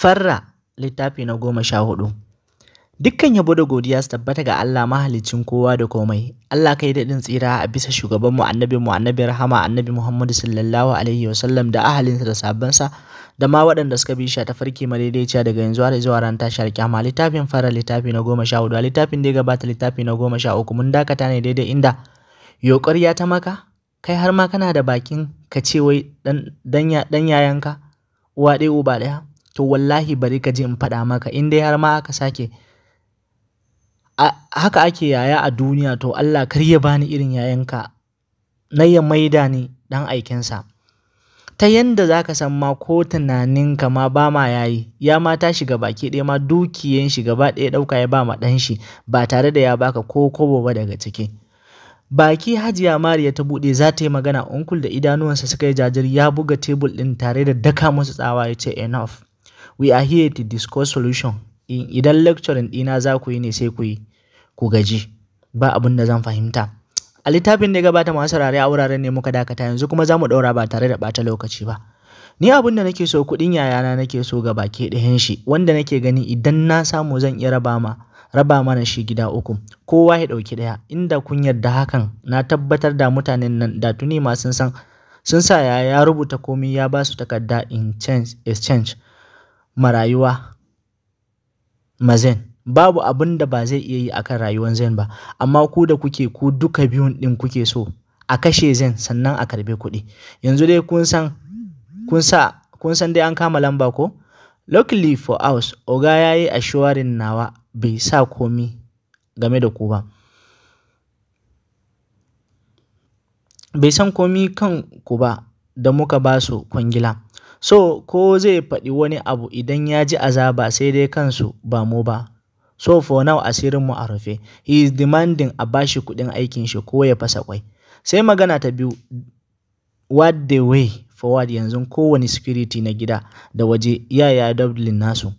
Farra littafi na goma sha hudu. Dukkan yabo da godiya su tabbata ga Allah mahalicin kowa da komai. Allah kai daɗin tsira a bisa shugaban mu annabi mu annabi rahama annabi Muhammadu sallallahu alaihi wa sallam. da ahalinsa da sabansa da ma waɗanda suka bi shi ta farki madaidaiciya daga yanzu har zuwa ran tashar kyama littafin fara littafi na goma sha hudu littafin da ya gabata littafi na goma sha uku mun dakata ne daidai inda yokar ya ta maka kai har ma kana da bakin ka ce wai dan yayanka uwa ɗaya uba ɗaya to wallahi bari ka ji in faɗa maka in dai har ma aka sake haka ake yaya a duniya to Allah kar ya bani irin yayanka na ya maida ni dan aikinsa ta yanda za ka san ma ko tunaninka ma ba ma yayi ya ma ta shiga baki ɗaya ma dukiyan shi gaba ɗaya ɗauka ya ba ma ɗan shi ba tare da ya baka ko kobo ba daga ciki baki hajiya mariya ta buɗe za ta yi magana onkul da idanuwansa suka yi jajir ya buga tebul ɗin tare da daka musu tsawa ya ce enough We are here to discuss solution. Idan lecturing ɗina za ku yi ne sai ku yi, ku gaji, ba abin da zan fahimta. A littafin da ya gabata masu rare a wuraren ne muka dakata yanzu kuma za mu ɗaura ba tare da ɓata lokaci ba. Ni abin da nake so kuɗin yayana nake so ga baki ɗayan shi wanda nake gani idan na samu zan iya raba ma raba mana shi gida uku kowa ya ɗauki ɗaya inda kun yarda hakan na tabbatar da mutanen nan da tuni ma sun san sun sa ya rubuta komai ya ba su takarda in exchange marayuwa ma Babu abin da ba zai iya yi a kan rayuwar zen ba, amma ku da kuke ku duka biyun din kuke so a kashe zen sannan a karbe kuɗi. Yanzu dai kun san kun sa kun san dai an kama lamba ko? Luckily for us, Oga ya yi assuring nawa bai sa komi game da ku ba. Bai san komi kan ku ba da muka ba su kwangila. So ko zai faɗi wani abu idan ya ji azaba sai dai kansu ba mu ba. So for now asirin mu a rufe, he is demanding a bashi kuɗin aikin shi ko ya fasa kwai. Sai magana ta biyu, what the way forward yanzu kowane security na gida da waje yaya Dublin nasu.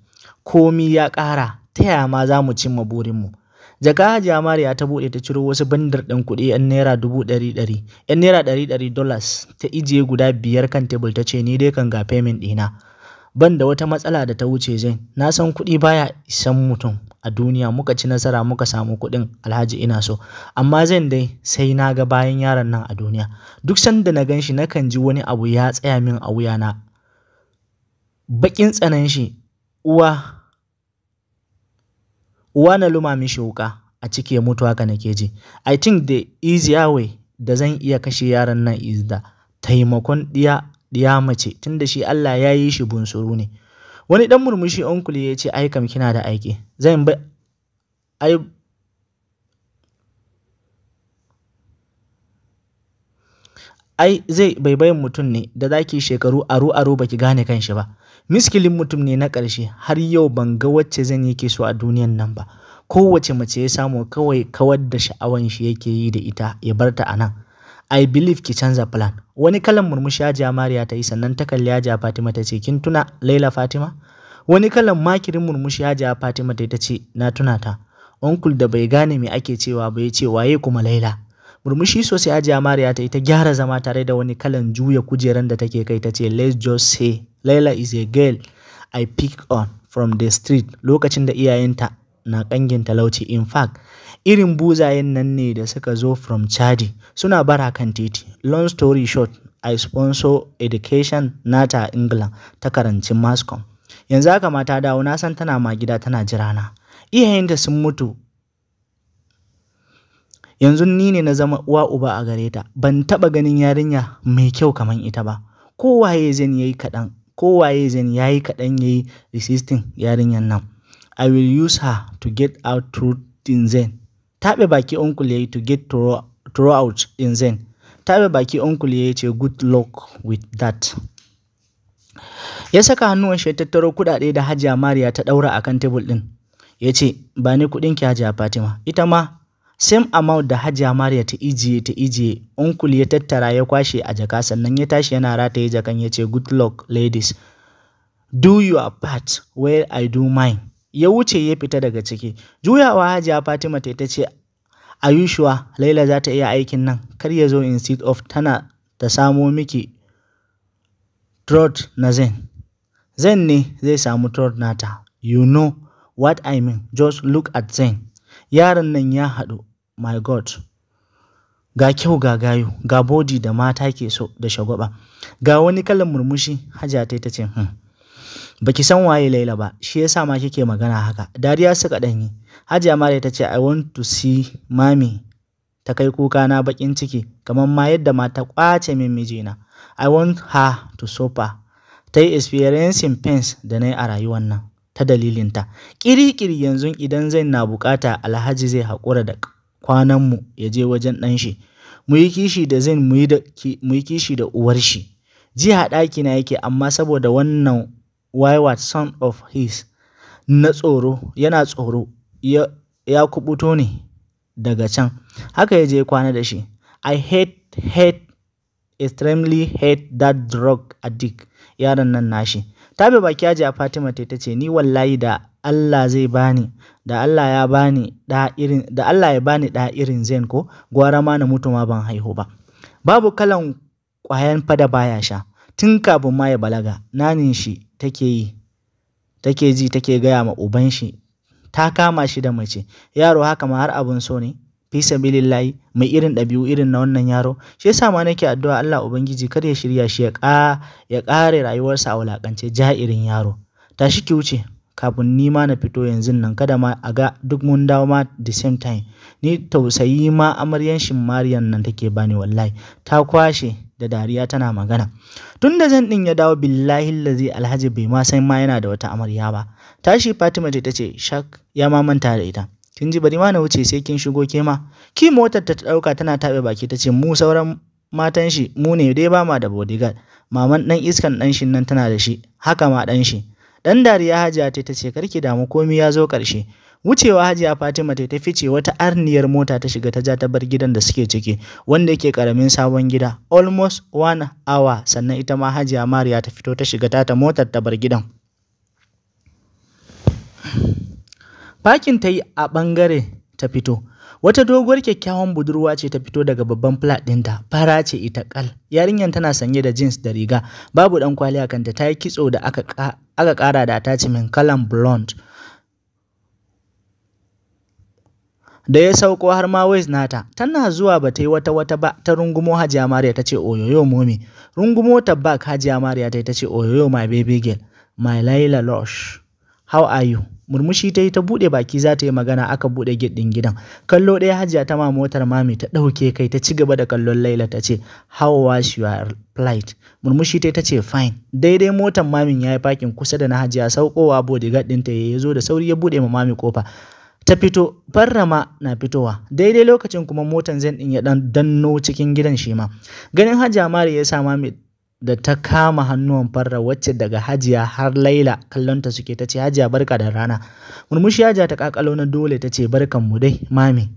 Komi ya ƙara, ta yaya ma za mu cimma burinmu? Jaka Hajiya Mariya ta bude ta ciro wasu bandar ɗin kuɗi 'yan naira dubu ɗari ɗari, 'yan naira ɗari ɗari dollars ta ijiye guda biyar kan tebul ta ce ni dai kan ga payment ɗina. Ban da wata matsala da ta wuce zai, na san kuɗi baya isan mutum a duniya muka ci nasara muka samu kuɗin alhaji ina so, amma zan dai sai na ga bayan yaron nan a duniya. Duk sanda na gan shi kan ji wani abu ya tsaya min a wuyana. Baƙin tsanan shi, uwa uwa na luma shi wuka a ciki ya mutu haka nake ji. I think the easier way da zan iya kashe yaran nan is da taimakon ɗiya, diya mace tunda shi Allah ya yi shi bunsuru ne. Wani ɗan murmushi uncle ya ce ai kam kina da aiki. Zan ba ai ai zai baibayin mutum ne da zaki ki shekaru aro aro baki gane kan shi ba miskilin mutum ne na ƙarshe har yau ban ga wacce zan yake so a duniyan nan ba kowace mace ya samu kawai kawar da sha'awan shi yake yi da ita ya bar ta a nan i believe ki canza plan wani kalan murmushi hajiya mariya ta yi sannan ta kalli hajiya fatima ta ce kin tuna laila fatima wani kalan makirin murmushi hajiya fatima ta ce na tuna ta onkul da bai gane me ake cewa ba ya ce waye kuma laila murmushi sosai ajiya mariya ta yi ta gyara zama tare da wani kalan juya kujeran da take kai ta ce let's just say laila is a girl i pick on from the street lokacin da iyayenta na kangin talauci in fact irin buzayen nan ne da suka zo from chadi suna bara kan titi long story short i sponsor education nata england ta karanci mascom yanzu haka mata dawo na san tana ma gida tana jirana iyayenta sun mutu yanzu ni ne na zama uwa uba a gare ta ban taba ganin yarinya mai kyau kamar ita ba kowaye zan yayi kaɗan kowaye zan yayi kaɗan yayi resisting yarinyan nan i will use her to get out through din zen tabe baki uncle yayi to get through out din zen tabe baki uncle yayi ce good luck with that ya saka hannuwan shi tattaro kuɗaɗe da hajiya mariya ta ɗaura akan tebul ɗin ya ce ba ni kuɗin ki hajiya fatima ita ma sim Amount da Hajiya Mariya ta ijiye ta ijiye, Uncle ya tattara ya kwashe a jaka sannan ya tashi yana rataye jakan ya ce good luck ladies. Do your part where I do mine. Ya wuce ya fita daga ciki. Juyawa Hajiya Fatima ta ta ce a Laila za ta iya aikin nan kar ya zo instead of tana ta samo miki trot na Zen. Zen ne zai samu trot nata. You know what I mean. Just look at Zen. Yaron nan ya haɗu my God. Ga kyau ga gayu. ga body da mata ke so da shagwaba. Ga wani kalan murmushi hajiya ta ce, hmm. Baki san waye Laila ba, shi yasa ma kike magana haka. Dariya suka danyi Hajiya Mariya ta ce, I want to see mami. Ta kai kuka na bakin ciki, kamar ma yadda mata kwace min mijina. I want her to suffer. Ta yi experiencing pains da na yi a rayuwar nan. ta dalilinta. kiri kiri yanzu idan zai na bukata alhaji zai haƙura da Kwananmu ya je wajen ɗan shi mu yi kishi da zin mu yi kishi da uwar shi a ɗakina yake amma saboda wannan wayward son of his na tsoro yana tsoro ya, ya kubuto ne daga can haka ya je kwana da shi i hate hate extremely hate that drug addict yaron nan nashi tabe baki aji a fatima ta ce ni wallahi da Allah zai bani da Allah ya bani da irin da Allah ya bani da irin zen ko gwara ma na mutu ma ban haihu ba babu kalan kwayan fada baya sha tun kafin ma ya balaga nanin shi take yi take ji take gaya ma uban shi ta kama shi da mace yaro haka ma har abun so ne fi sabilillahi mai irin ɗabi'u irin na wannan yaro shi yasa ma nake addu'a Allah ubangiji kar ya shirya shi ya ƙa ya ƙare rayuwarsa a wulakance irin yaro tashi ki wuce kafin ni ma na fito yanzu nan kada ma a ga duk mun dawo ma the same time ni tausayi ma amaryan shin mariyan nan take bani wallahi ta kwashe da dariya tana magana tun da zan din ya dawo billahi lazi alhaji bai ma san ma yana da wata amarya ba tashi fatima ta ce shak ya ma manta da ita kin ji bari ma na wuce sai kin shigo ke ma ki motar ta dauka tana tabe baki ta ce mu sauran matan shi mu ne dai ba ma da bodyguard maman dan iskan dan shin nan tana da shi haka ma dan shi Dan dariya Hajiya ta tace karki damu komai ya zo ƙarshe. Wucewa Hajiya Fatima ta fice wata arniyar mota ta shiga ta ja ta bar gidan da suke ciki wanda yake karamin sabon gida almost one hour sannan ita ma Hajiya Mariya ta fito ta shiga tata motar ta bar gidan. Fakin ta yi a bangare ta fito Wata doguwar kyakkyawan budurwa ce ta fito daga babban flat ɗinta, fara ce ita kal. Yarinyar tana sanye da jeans da riga, babu ɗan kwali a kanta ta yi kitso da aka ƙara da attachment kalan blonde. da ya sauko har ma waist nata tana zuwa ba ta yi wata wata ba ta rungumo Hajiya Mariya ta ce oyoyo momi rungumo ta back Hajiya Mariya ta ce oyoyo my baby girl my Laila Lush how are you murmushi ta yi ta buɗe baki za ta yi magana aka buɗe gate din gidan kallo ɗaya hajiya ta ma motar mami ta ɗauke kai ta ci gaba da kallon laila ta ce how was your flight murmushi ta ta ce fine daidai motar mamin ya yi fakin kusa da na hajiya saukowa bodyguard ɗinta ya zo da sauri ya buɗe ma mami kofa ta fito farrama na fitowa daidai lokacin kuma motar zan ɗin ya dan danno cikin gidan shima. ganin Hajiya mari ya sa mami da ta kama hannuwan farra wacce daga hajiya har laila kallonta suke ta ce hajiya barka da rana murmushi hajiya ta kakalo na dole ta ce barkan mu dai mami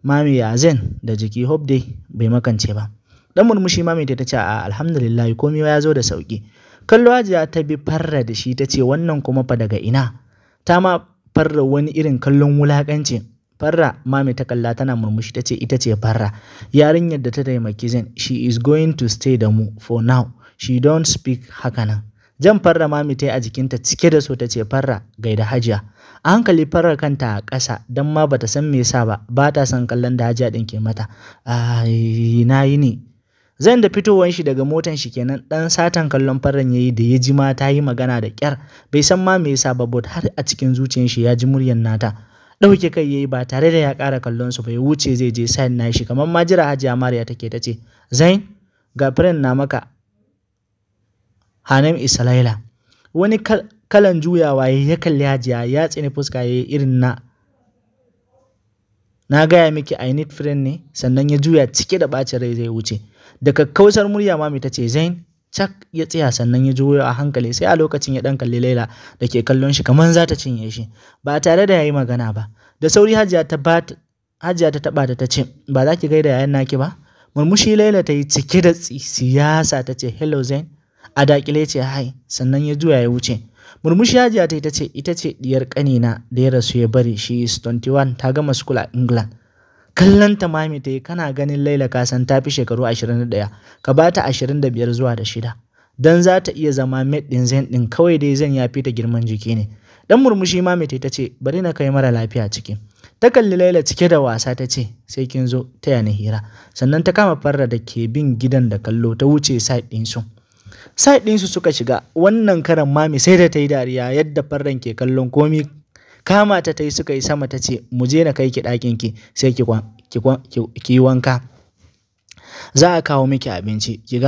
mami ya zen da jiki hope dai bai makance ba dan murmushi mami ta ce a alhamdulillah komai ya zo da sauki kallo hajiya ta bi farra da shi ta ce wannan kuma fa daga ina ta ma farra wani irin kallon wulakancin Farra mami ta kalla tana murmushi ta ce ita ce Farra. Yarinyar da ta taimaki zen she is going to stay da mu for now. She don't speak hakanan. Jan Farra mami ta yi a jikinta cike da so ta ce Farra gaida Hajiya. A hankali Farra kanta a ƙasa don ma bata san me yasa ba, ba ta san kallon da Hajiya ɗin ke mata. Ai, na yi ne. zan da fitowar shi daga motan shi kenan dan satan kallon faran yayi da ya ji ma ta yi magana da kyar bai san ma me yasa ba bot har a cikin zuciyar shi ya ji muryar nata ɗauke kai ya yi ba tare da ya ƙara kallon su bai wuce zai je sayan nashi kamar ma jira hajiya mariya take ta ce zain ga firin na maka hanem isalaila wani kalan juyawa ya kalli hajiya ya tsini fuska ya irin na na gaya miki I need friend ne sannan ya juya cike da ɓacin rai zai wuce da kakkausar murya mami ta ce Zain cak ya tsaya sannan ya juyo a hankali sai a lokacin ya dan kalli Laila da ke kallon shi kamar za ta cinye shi ba tare da yayi magana ba da sauri Hajiya ta ba Hajiya ta taba ta ce ba za ki gaida yayan naki ba murmushi Laila ta yi cike da siyasa ta ce hello Zain a dakile ce hai sannan ya juya ya wuce murmushi Hajiya ta ce ita ce diyar kanina da ya rasu ya bari shi is 21 ta gama school a England kallon ta mami ta yi kana ganin laila Kasan san ta fi shekaru 21 ka ba ta 25 zuwa da shida don za ta iya zama met ɗin zen din, kawai dai zan ya fita girman jiki ne dan murmushi mami ta ce bari na kai mara lafiya ciki ta kalli laila cike da wasa ta ce sai kin zo taya ni hira sannan ta kama farra da ke bin gidan da kallo ta wuce side ɗinsu side ɗinsu suka shiga wannan karan mami sai da ta yi dariya yadda farran ke kallon komi kama ta ta yi suka yi sama ta ce mu je na kai ki ɗakin ki sai ki wanka za a kawo miki abinci ki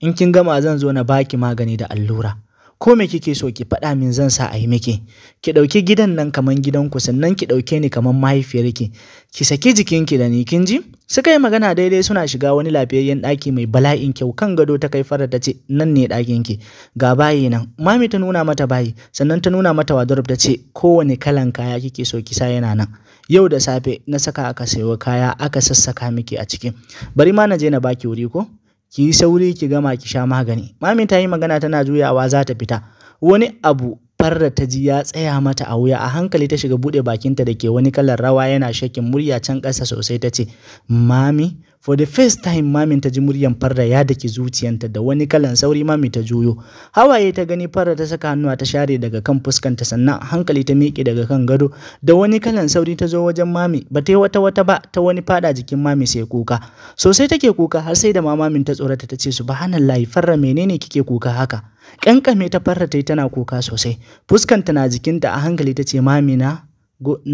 in kin gama zan zo na baki magani da allura ko me kike so ki faɗa min zan sa a yi miki ki ɗauki gidan nan kaman gidanku sannan ki ɗauke ni kaman mahaifiyarki ki saki jikinki da ni kin ji suka yi magana daidai suna shiga wani lafiyayyen ɗaki mai bala'in kyau kan gado ta kai fara ta ce nan ne ɗakinki ga bayi nan mami ta nuna mata bayi sannan ta nuna mata wardrobe ta ce kowane kalan kaya kike so ki sa yana nan yau da safe na saka aka sayo kaya aka sassaka miki a ciki bari ma na je na baki wuri ko ki yi sauri ki gama ki sha magani mami ta yi magana tana juyawa za ta fita wani abu farra ta ji ya tsaya mata a wuya a hankali ta shiga buɗe bakinta da ke wani kalar rawa yana shakin murya can ƙasa sosai ta ce mami for the first time mamin ta ji muryan farra ya daki zuciyanta da wani kalan sauri mami ta juyo hawaye ta gani farra ta saka hannuwa ta share daga kan fuskanta sannan hankali ta miƙe daga kan gado da wani kalan sauri ta zo wajen mami ba ta yi wata wata ba ta wani fada jikin mami sai kuka sosai take kuka har sai da ma mamin ta tsorata ta ce subhanallahi farra menene kike kuka haka kankame ta farra ta yi tana kuka sosai fuskanta na jikinta a hankali ta ce mami na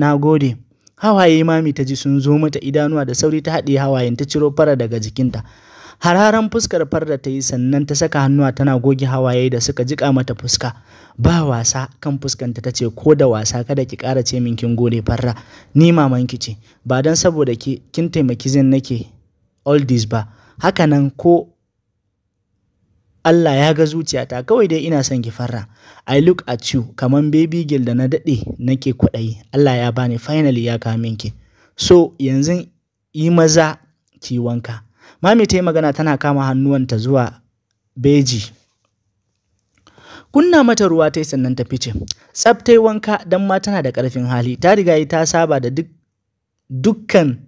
na gode hawaye mami ta ji sun zo mata idanuwa da sauri ta haɗe hawayen ta ciro fara daga jikinta hararan fuskar farda ta yi sannan ta saka hannuwa tana goge hawaye da suka jika mata fuska ba wasa kan fuskanta ta ce ko da wasa kada ki ƙara ce min kin gode farra ni mamanki ce ba don saboda ki kin taimaki zan nake all this ba nan ko Allah ya ga zuciyata kawai dai ina son ki farra I look at you kaman baby girl da na daɗe nake kwaɗayi Allah ya bani finally ya kamin ki so yanzu yi maza ki wanka mami ta yi magana tana kama hannuwanta zuwa beji kunna mata ruwa ta yi sannan ta fice tsaftai wanka don ma tana da ƙarfin hali ta riga ta saba da duk dukkan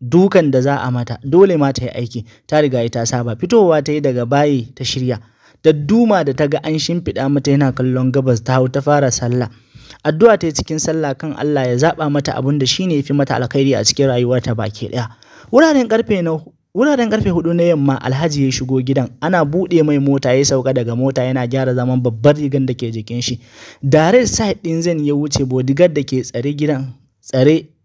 dukan da za a mata dole ma ta yi aiki ta riga ta saba fitowa ta yi daga bayi ta shirya da duma da ta ga an shimfiɗa mata yana kallon gabas ta hau ta fara sallah addu'a ta yi cikin sallah kan Allah ya zaba mata abin da shine yafi mata alkhairi a cikin rayuwar ta baki daya wuraren karfe na wuraren karfe hudu na yamma alhaji ya shigo gidan ana buɗe mai mota ya sauka daga mota yana gyara zaman babbar rigan da ke jikin shi direct side din zan ya wuce bodyguard da ke tsare gidan tsare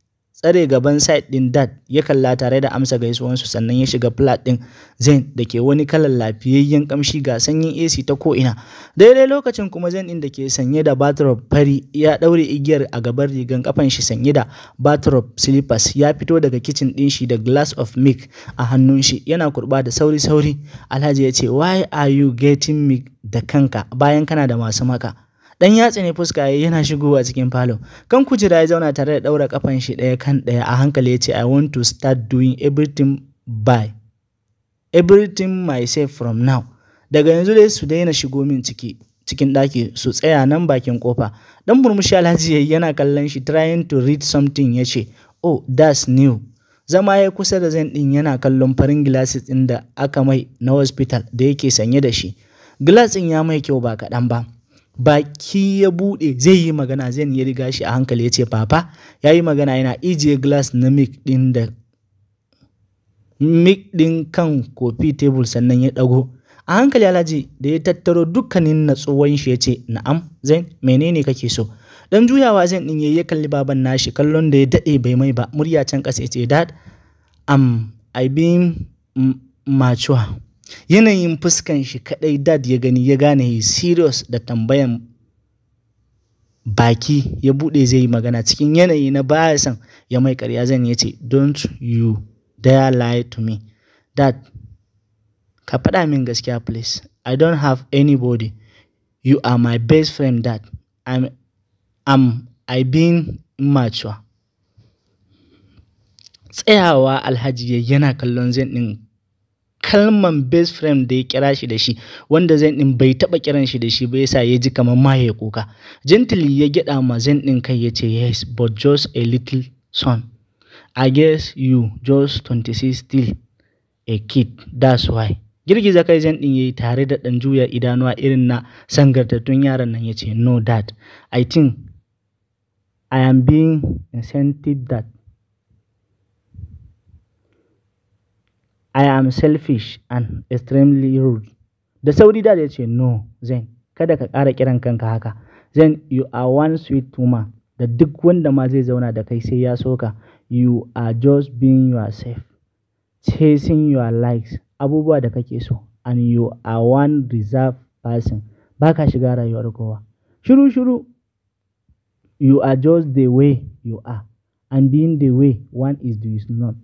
tsare gaban side ɗin dat ya kalla tare da amsa gaisuwansu sannan ya shiga flat ɗin zain da ke wani kalan lafiyayyen kamshi ga sanyin ac ta ko'ina daidai lokacin kuma zain din da ke sanye da batrop fari ya ɗaure igiyar a gaban rigan kafan shi sanye da batrop slippers ya fito daga kicin ɗin shi da glass of milk a hannun shi yana kurba da sauri sauri alhaji ya ce why are you getting milk da kanka bayan kana da masu maka dan yatsa ne fuska yayi yana shigowa cikin falon kan kujera ya zauna tare da daura kafan shi daya kan daya a hankali ya ce i want to start doing everything by everything myself from now daga yanzu dai su daina shigo min ciki cikin daki su tsaya nan bakin kofa dan murmushi alhaji yayi yana kallon shi trying to read something ya ce oh that's new zama ya kusa da zan din yana kallon farin glasses ɗin da aka mai na hospital da yake sanye da shi gilas ɗin ya mai kyau ba kaɗan ba baki ya buɗe zai yi magana zan ya riga shi a hankali ya ce papa ya yi magana yana ijiye glass na mik din kan kofi tebul sannan ya dago a hankali alhaji da ya tattaro dukkanin natsuwan shi ya ce na'am zain menene kake so dan juyawa zan din ya kalli baban nashi kallon da ya dade bai mai ba murya can kasa ya ce dad am i been mature yanayin fuskan shi kadai dad ya gani ya gane yi serious da tambayan baki ya bude zai yi magana cikin yanayi na baya san ya mai karya zan ya ce don't you dare lie to me dad ka faɗa min gaskiya please i don't have anybody you are my best friend dad i'm, I'm i been immature tsayawa alhaji yana kallon zan din kalman best friend da ya kira shi da shi wanda zan din bai taba kiran shi da shi ba yasa ya ji kamar ma ya kuka gently ya gida ma zan din kai yace ce yes but just a little son i guess you just 26 still a kid that's why girgiza kai zan din yayi tare da dan juya idanuwa irin na sangartattun yaran nan yace no dad i think i am being incentive that I am selfish and extremely rude. Da sauri da ya ce, No, Zain, kada ka ƙara kiran kanka haka. Zain, you are one sweet woman da duk wanda ma zai zauna da kai sai ya soka. You are just being yourself, chasing your likes, abubuwa da kake so, and you are one reserved person. Ba ka shiga rayuwar kowa. Shiru shiru, you are just the way you are, and being the way one is, is not.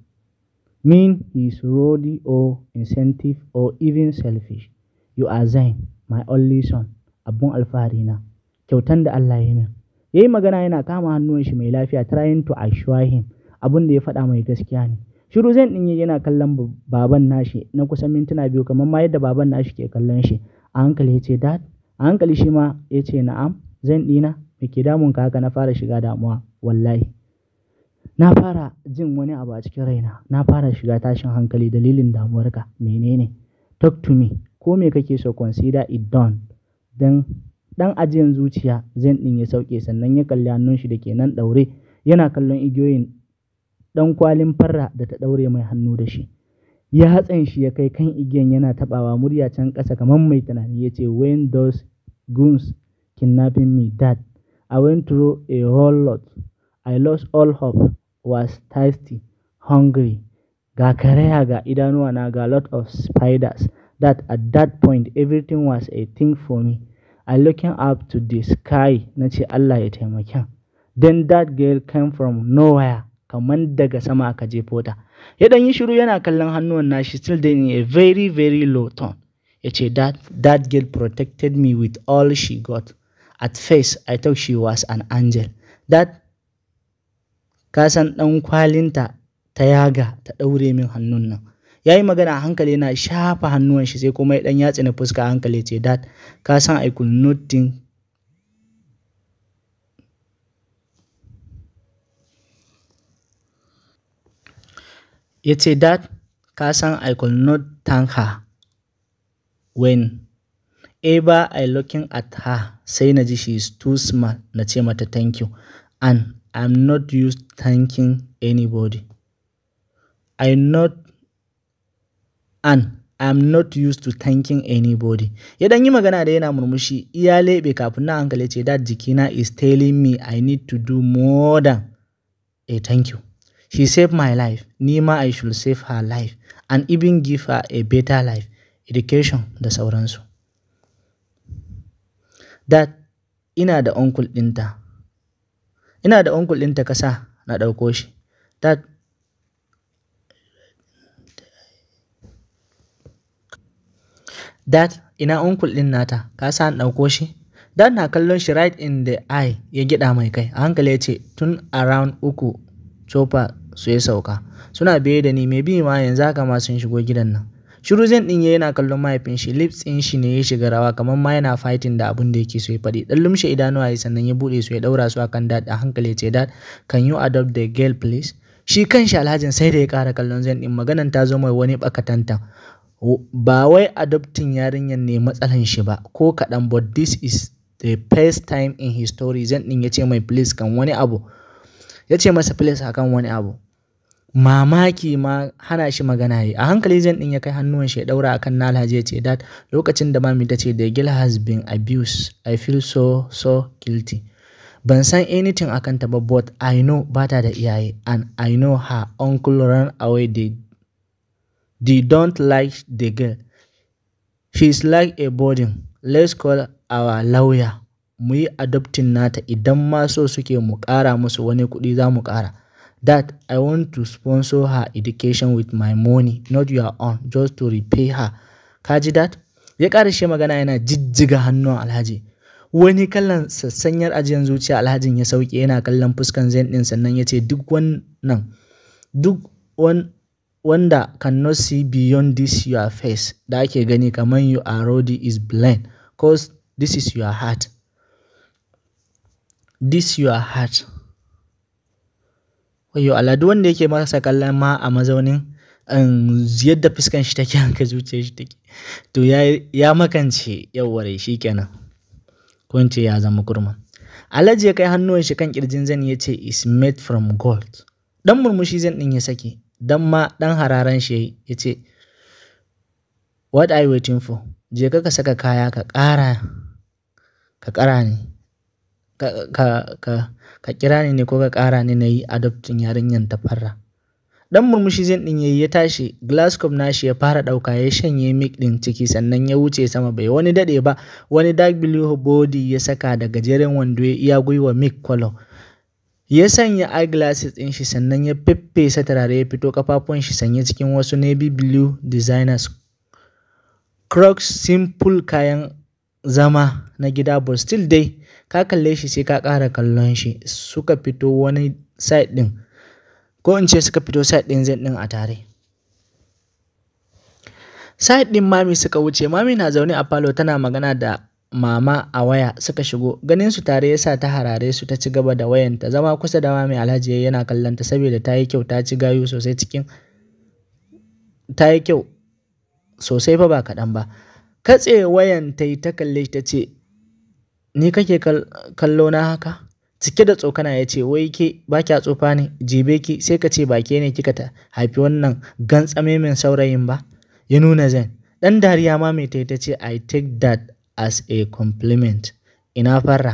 mean is rowdy or incentive or even selfish. You are Zain, my only son, abun alfahari na, kyautan da Allah ya min. Ya yi magana yana kama hannuwan shi mai lafiya trying to assure him abun da ya faɗa mai gaskiya ne. Shiru zan ɗin yana kallon baban nashi na kusan mintuna biyu kamar ma yadda baban nashi ke kallon shi. A hankali ya ce dad, a hankali shi ma ya ce na'am, Zain ɗina, me ke damun kaka na fara shiga damuwa, wallahi. na fara jin wani abu a cikin raina. Na fara shiga tashin hankali dalilin damuwarka. Menene, ne? Talk to me. Ko me kake so consider it done. Dan dan ajiyan zuciya zan din ya sauke sannan ya kalli hannun shi da nan ɗaure yana kallon igiyoyin ɗan kwalin farra da ta ɗaure mai hannu da shi. Ya hatsan shi ya kai kan igiyan yana taɓawa murya can ƙasa kamar mai tunani yace ce when those goons kidnapping me that! I went through a whole lot. I lost all hope. was thirsty, hungry. Ga karaya ga idanuwana ga lot of spiders that at that point everything was a thing for me. I looking up to the sky na ce Allah ya taimaka. Then that girl came from nowhere kaman daga sama aka je fota Ya dan yi shiru yana kallon hannuwan nashi still in a very very low tone. Yace ce that, that girl protected me with all she got. At first I thought she was an angel. That ka san ɗan kwalinta ta yaga ta ɗaure min hannun nan ya yi magana a hankali yana shafa hannuwan shi sai kuma ya ɗan yatsi na fuska a hankali ce dat ka san i could not think ya ce dat ka san i could not thank her when ever i looking at her sai na ji she is too small na ce mata thank you and I'm not used thanking anybody. I not an I'm not used to thanking anybody. Ya dan yi magana da yana murmushi iya lebe kafin na hankali ce that jikina is telling me I need to do more than a thank you. She saved my life. Nima I should save her life and even give her a better life, education da sauransu. That ina da uncle ɗinta ina da onkul ɗin kasa na ɗauko shi ta Dad, ina onkul ɗin nata, ka na ɗauko shi? Dad na kallon shi right in the eye ya gida mai kai, a hankali ya ce tun around uku copa su ya sauka. Suna biye da ni, mai bi ma yanzu haka ma sun shigo gidan nan. shiru zan din yayi yana kallon mahaifin shi lips in shi ne ya shiga rawa kamar ma yana fighting da abun da yake so ya fadi. dan lumshe idanuwa ya sannan ya bude su ya daura su akan dad a hankali ce dad can you adopt the girl please shi kanshi alhajin sai da ya kara kallon zan din maganan ta zo mai wani bakatanta ba wai adoptin yarinyar ne matsalan shi ba ko kadan but this is the first time in history zan din ya ce mai please kan wani abu ya masa please akan wani abu mamaki ma hana shi magana yi a hankali zan din ya kai hannuwan shi ya daura akan na alhaji ya ce dad lokacin da mami ta ce the girl has been abused i feel so so guilty ban san anything akan ta ba but i know bata da iyaye and i know her uncle ran away they, they don't like the girl she's like a burden let's call our lawyer mu yi adoptin nata idan ma so suke mu kara musu wani kudi za mu kara. that I want to sponsor her education with my money, not your own, just to repay her. Kaji dad? Ya ƙarashe magana yana jijjiga hannun Alhaji. Wani kallon sassanyar ajiyar zuciya Alhajin ya sauke yana kallon fuskan Zain ɗin sannan ya ce duk wannan duk wanda not see beyond this your face da ake gani kamar you are already is blind cause this is your heart. This your heart. wayo al'adu wanda yake masa kallon ma a mazaunin um, da fuskan shi take ka zuciyar shi take to ya makance yawware shi kenan ko ya zama kurma Alhaji ya kai hannuwan shi kan kirjin zan ya ce is made from gold dan murmushi zan din ya sake dan ma dan hararan shi ya ce what are waiting for je ka saka kaya ka kara ka ƙara ne ka, ka, kira ni ne ko ka kara ni na yi adoptin yarinyar ta farra. Dan murmushi zan ɗin yayi ya tashi, Glasgow shi ya fara ɗauka ya shanye mik ɗin ciki sannan ya wuce sama bai wani daɗe ba, wani dark blue body ya saka da gajeren wando ya iya gwiwa mik kwalo. Ya sanya eyeglasses ɗin shi sannan ya feffesa turare ya fito kafafuwan shi sanye cikin wasu navy blue designers. Crocs simple kayan zama na gida but still dai ka kalle shi sai ka ƙara kallon shi suka fito wani side ɗin ko in ce suka fito side ɗin zai ɗin a tare side ɗin mami suka wuce mami na zaune a falo tana magana da mama a waya suka shigo ganin su tare yasa ta harare su ta ci gaba da wayanta zama kusa da mami alhaji yana kallonta saboda ta yi kyau ta ci gayu sosai cikin ta yi kyau sosai fa ba kaɗan ba katse wayan ta yi ta kalle ta ce Ni kake kallo na haka? Cike da tsokana ya ce, wai ke ba kya tsofa ne, jibe ki sai ka ce ba ke ne kika ta haifi wannan gantsame min saurayin ba? Ya nuna zan Dan dariya ma mai ta ce, I take that as a compliment. Ina farra.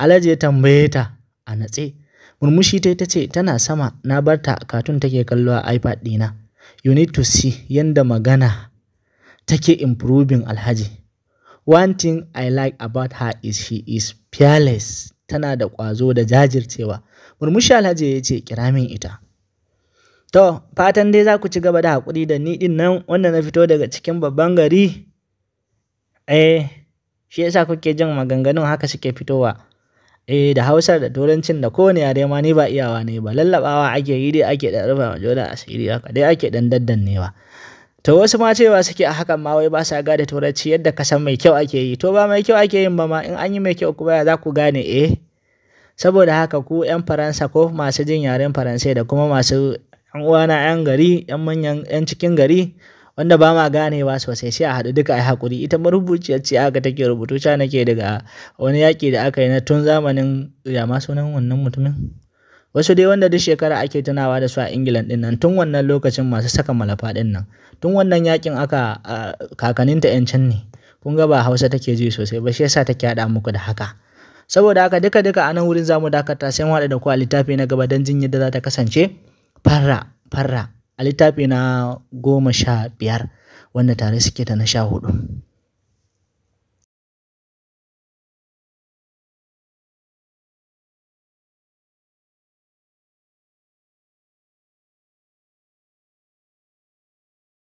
Alhaji ya tambaye ta a natse. Murmushi ta ta ce, tana sama na bar ta katun take kallo a iPad ɗina. You need to see yanda magana take improving Alhaji. One thing I like about her is she is fearless, tana da ƙwazo da jajircewa. Murmushi Alhaji ya ce, kira min ita. To, fatan dai za ku ci gaba da haƙuri da ni ɗin nan wanda na fito daga cikin babban gari. Eh, shi yasa kuke jin maganganun haka suke fitowa. eh da hausar da turancin da kowane yare ma ni ba iyawa ne ba lallabawa ake yi dai ake da rufa juna asiri haka dai ake dan daddannewa to wasu ma cewa suke a hakan ma wai ba sa gada turanci yadda ka san mai kyau ake yi to ba mai kyau ake yin ba ma in an yi mai kyau kuma za ku gane eh saboda haka ku 'yan faransa ko masu jin yaren faransai da kuma masu yan uwana 'yan gari 'yan manyan 'yan cikin gari wanda ba ma ganewa sosai sai a haɗu duka a haƙuri ita marubuciyar ce aka take rubutu ca nake daga wani yaƙi da aka yi na tun zamanin ya ma sunan wannan mutumin wasu dai wanda duk shekara ake tunawa da su a England din nan tun wannan lokacin masu saka malafa din nan tun wannan yakin aka kakaninta yancin ne kun ga ba Hausa take ji sosai ba shi yasa take haɗa muku da haka saboda haka duka duka a nan wurin zamu dakata sai mu haɗa da ku a littafi na gaba don jin yadda za ta kasance farra farra a littafi na goma sha biyar wanda tare suke ta na sha hudu